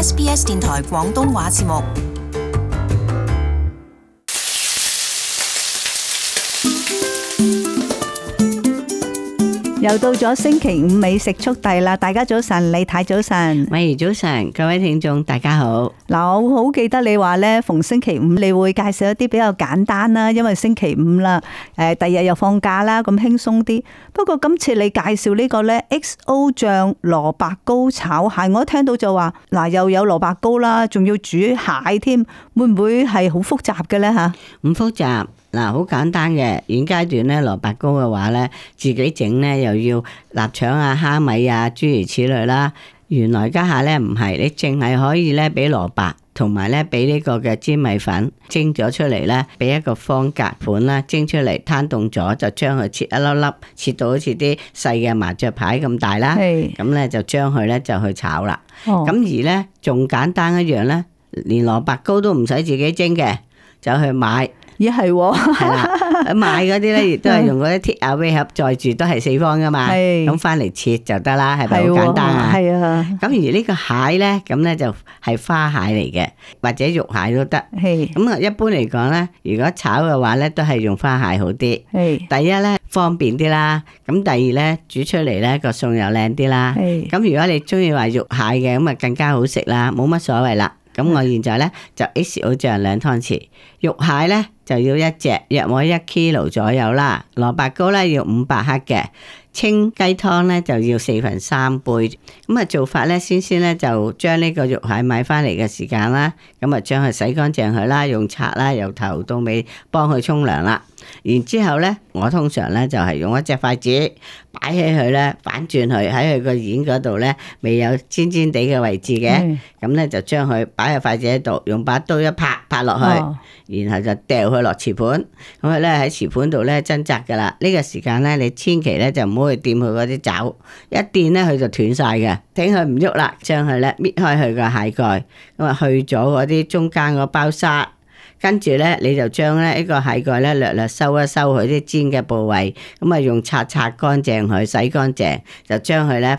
SBS 電台廣東話節目。又到咗星期五美食速遞啦！大家早晨，李太早晨，喂，早晨，各位聽眾大家好。嗱，我好記得你話咧，逢星期五你會介紹一啲比較簡單啦，因為星期五啦，誒，第日又放假啦，咁輕鬆啲。不過今次你介紹呢個咧，XO 醬蘿蔔糕炒蟹，我聽到就話嗱，又有蘿蔔糕啦，仲要煮蟹添，會唔會係好複雜嘅咧吓？唔複雜。嗱，好、啊、簡單嘅現階段咧，蘿蔔糕嘅話咧，自己整咧又要臘腸啊、蝦米啊諸如此類啦。原來家下咧唔係你，淨係可以咧俾蘿蔔同埋咧俾呢個嘅粘米粉蒸咗出嚟咧，俾一個方格盤啦，蒸出嚟攤凍咗，就將佢切一粒粒，切到好似啲細嘅麻雀牌咁大啦。咁咧是就將佢咧就去炒啦。咁、哦、而咧仲簡單一樣咧，連蘿蔔糕都唔使自己蒸嘅，就去買。咦係喎，買嗰啲咧亦都係用嗰啲鐵啊鋁盒載住都係四方㗎嘛，咁返嚟切就得啦，係咪好簡單啊？係啊，咁而呢個蟹咧，咁咧就係花蟹嚟嘅，或者肉蟹都得。咁啊，一般嚟講咧，如果炒嘅話咧，都係用花蟹好啲。係，第一咧方便啲啦，咁第二咧煮出嚟咧個餸又靚啲啦。係，咁如果你鍾意話肉蟹嘅，咁啊更加好食啦，冇乜所謂啦。咁我現在咧就 XO 醬兩湯匙，肉蟹咧就要一隻，約我一 kilo 左右啦，蘿蔔糕咧要五百克嘅。清雞湯咧就要四分三杯。咁啊做法咧，先先咧就將呢個肉蟹買翻嚟嘅時間啦，咁啊將佢洗乾淨佢啦，用刷啦，由頭到尾幫佢沖涼啦，然之後咧，我通常咧就係、是、用一隻筷子擺起佢咧，反轉佢喺佢個眼嗰度咧未有尖尖地嘅位置嘅，咁咧、嗯、就將佢擺喺筷子度，用把刀一拍。拍落去，然後就掉佢落瓷盤，咁佢咧喺瓷盤度咧掙扎噶啦。呢個時間咧，你千祈咧就唔好去掂佢嗰啲爪，一掂咧佢就斷晒嘅，頂佢唔喐啦。將佢咧搣開佢個蟹蓋，咁啊去咗嗰啲中間嗰包沙，跟住咧你就將咧呢個蟹蓋咧略略收一收佢啲尖嘅部位，咁啊用擦擦乾淨佢，洗乾淨就將佢咧。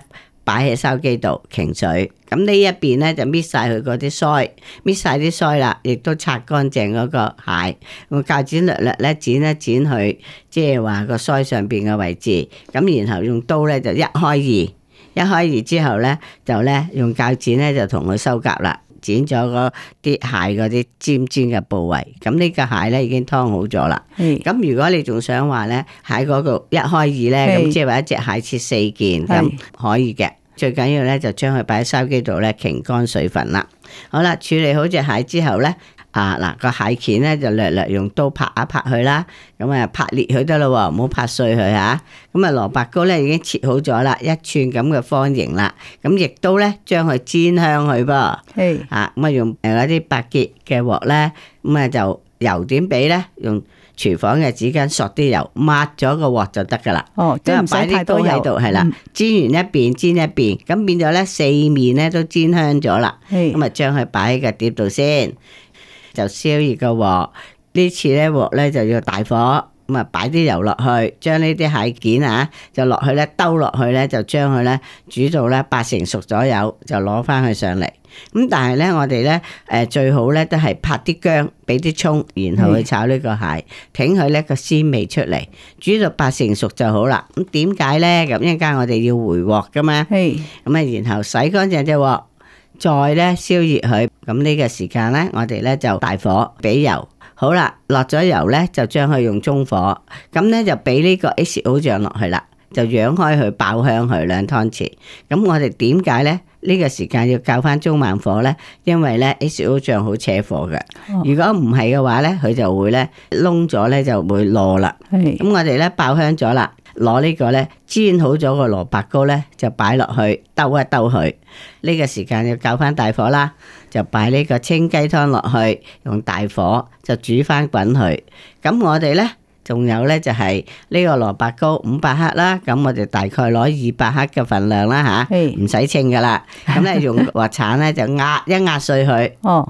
擺喺收機度，瓊水咁呢一邊咧就搣晒佢嗰啲腮，搣晒啲腮啦，亦都擦乾淨嗰個蟹。用鉸剪略略咧剪一剪佢，即係話個腮上邊嘅位置。咁然後用刀咧就一開二，一開二之後咧就咧用鉸剪咧就同佢收夾啦，剪咗個啲蟹嗰啲尖尖嘅部位。咁呢個蟹咧已經劏好咗啦。咁是如果你仲想話咧喺嗰度一開二咧，咁是即係話一隻蟹切四件咁是可以嘅。最緊要咧就將佢擺喺筲箕度咧，乾乾水分啦。好啦，處理好隻蟹之後咧，啊嗱個蟹鉗咧就略略用刀拍一拍佢啦，咁啊拍裂佢得咯，唔好拍碎佢吓。咁啊蘿蔔糕咧已經切好咗啦，一寸咁嘅方形啦，咁、啊、亦都咧將佢煎香佢噃。係 Hey. 啊咁啊、嗯、用誒嗰啲易潔嘅鑊咧，咁啊就油點畀咧用。廚房嘅紙巾索啲油，抹咗個鑊就得噶啦。哦，即係唔使太多油，擺啲喺度，係啦，嗯，煎完一邊，煎一邊，咁變咗咧四面咧都煎香咗啦。係是，咁啊將佢擺喺個碟度先，就燒熱個鑊。呢次咧鑊咧就要大火。咁啊，擺啲油落去，將呢啲蟹件啊，就落去咧，兜落去咧，就將佢咧煮到咧八成熟左右，就攞翻佢上嚟。咁但係咧，我哋咧誒最好咧都係拍啲薑，俾啲蔥，然後去炒呢個蟹，挺佢咧個鮮味出嚟，煮到八成熟就好啦。咁點解咧？咁一陣間我哋要回鑊噶嘛？係咁啊，然後洗乾淨隻鑊，再咧燒熱佢。咁呢個時間咧，我哋咧就大火俾油。好啦，落咗油咧，就將佢用中火，咁咧就俾呢個 XO 醬落去啦，就揚開佢爆香佢兩湯匙。咁我哋點解咧呢個時間要較返中慢火咧？因為咧 XO 醬好扯火嘅，哦、如果唔係嘅話咧，佢就會咧燶咗咧就會落啦。咁我哋咧爆香咗啦，攞呢個咧煎好咗個蘿蔔糕咧，就擺落去兜一兜佢。呢個時間要較返大火啦。就擺呢個清雞湯落去，用大火就煮翻滾佢。咁我哋咧，仲有咧就係呢個蘿蔔糕五百克啦。咁我哋大概攞二百克嘅份量啦吓，唔使稱噶啦。咁咧用鑊鏟咧就壓一壓碎佢。哦。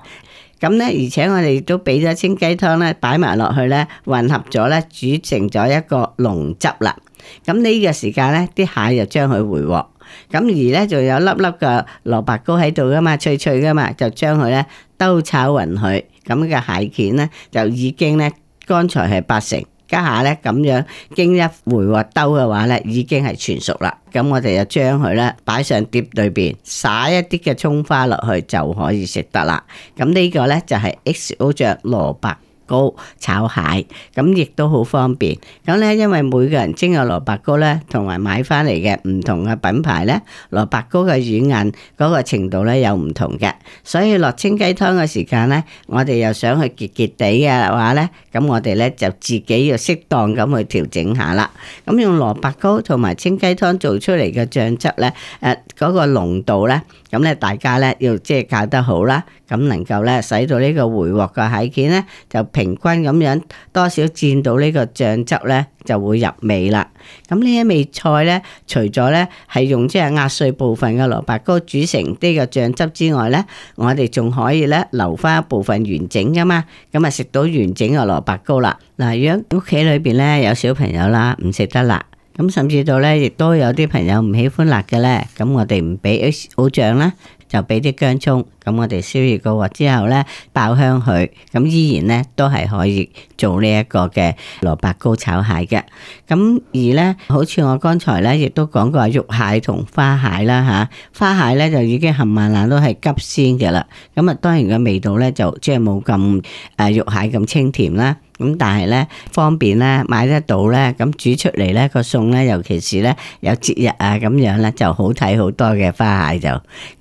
咁咧，而且我哋都俾咗清雞湯咧，擺埋落去咧，混合咗咧，煮成咗一個濃汁啦。咁呢個時間咧，啲蟹就將佢回鑊。咁而咧仲有粒粒嘅蘿蔔糕喺度噶嘛，脆脆噶嘛，就將佢咧兜炒勻佢，咁嘅蟹件咧就已經咧剛才係八成，家下咧咁樣經一回鑊兜嘅話咧已經係全熟啦。咁我哋就將佢咧擺上碟裏邊，撒一啲嘅葱花落去就可以食得啦。咁呢個咧就係、是、XO 醬蘿蔔糕炒蟹，咁亦都好方便咁咧，因為每個人蒸嘅蘿蔔糕咧，同埋買翻嚟嘅唔同嘅品牌咧，蘿蔔糕嘅軟硬嗰個程度咧有唔同嘅，所以落清雞湯嘅時間咧，我哋又想去結結地嘅話咧，咁我哋咧就自己要適當咁去調整下啦。咁用蘿蔔糕同埋清雞湯做出嚟嘅醬汁咧，誒，嗰個濃度咧，咁咧大家咧要即係教得好啦，咁能夠咧使到呢個回鑊嘅蟹片咧就平平均咁樣多少沾到呢個醬汁呢，就會入味啦。咁呢一味菜呢，除咗呢係用即係壓碎部分嘅蘿蔔糕煮成呢個醬汁之外呢，我哋仲可以呢留翻一部分完整噶嘛。咁啊食到完整嘅蘿蔔糕啦。嗱，如果屋企裏邊呢有小朋友啦唔食得辣，咁甚至到呢亦都有啲朋友唔喜歡辣嘅呢。咁我哋唔俾好醬啦，就俾啲薑葱。咁我哋燒熱個鑊之後呢，爆香佢，咁依然呢都係可以做呢一個嘅蘿蔔糕炒蟹嘅。咁而呢，好似我剛才呢亦都講過，肉蟹同花蟹啦吓、啊，花蟹呢就已經冚唪唥都係急鮮嘅啦。咁啊，當然個味道呢就即係冇咁誒肉蟹咁清甜啦。咁但係呢，方便呢買得到呢，咁煮出嚟呢個餸呢，尤其是呢有節日啊咁樣呢，就好睇好多嘅花蟹就。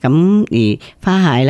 咁而花蟹呢。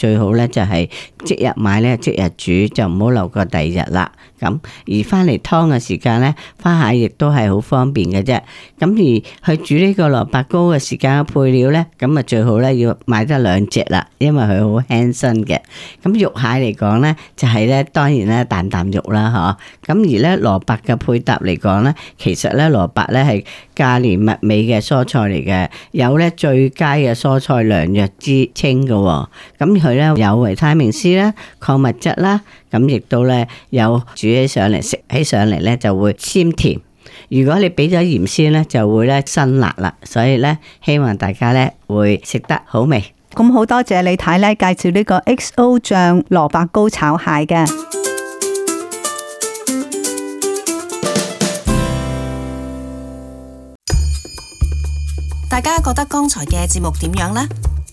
最好咧就係即日買咧即日煮，就唔好留過第二日啦。咁而翻嚟湯嘅時間咧，花蟹亦都係好方便嘅啫。咁而去煮呢個蘿蔔糕嘅時間嘅配料咧，咁啊最好咧要買得兩隻啦，因為佢好輕身嘅。咁肉蟹嚟講咧，就係咧當然咧啖啖肉啦，嗬。咁而咧蘿蔔嘅配搭嚟講咧，其實咧蘿蔔咧係價廉物美嘅蔬菜嚟嘅，有咧最佳嘅蔬菜良藥之稱嘅喎。咁有維他命 C 啦、礦物質啦，咁亦都咧有煮起上嚟，食起上嚟咧就會鮮甜。如果你俾咗鹽先咧，就會咧辛辣啦。所以咧，希望大家咧會食得好味。咁好多謝李太咧介紹呢個 XO 醬蘿蔔糕炒蟹嘅。大家覺得剛才嘅節目點樣呢？